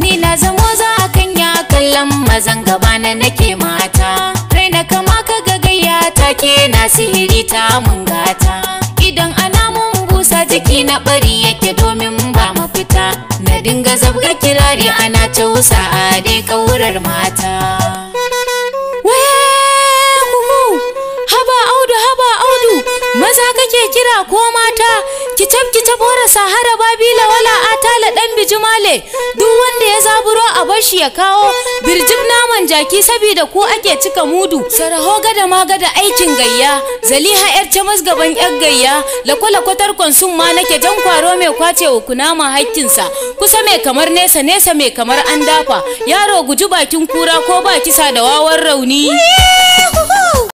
ni na zamo za a kan ya kallon mazan gaba na nake mata raina kama ka ga ta ke na sihiri ta mun gata idan ana mun busa jiki na bari yake domin ba mafita na dinga zabga kirari ana ta wusa a dai kaurar mata maza kake kira ko mata kitab kitab ora sahara da ɗan bijimale duk wanda ya zaburo a bashi ya kawo birjin naman jaki saboda ko ake cika mudu saraho gada ma gada aikin gayya zaliha yar camas gaban yar gayya lakwalakwa tarkon sun ma nake jan kwaro mai kwace wa kunama hakkinsa kusa mai kamar nesa nesa mai kamar an dafa yaro guji bakin kura ko ba kisa da wawan rauni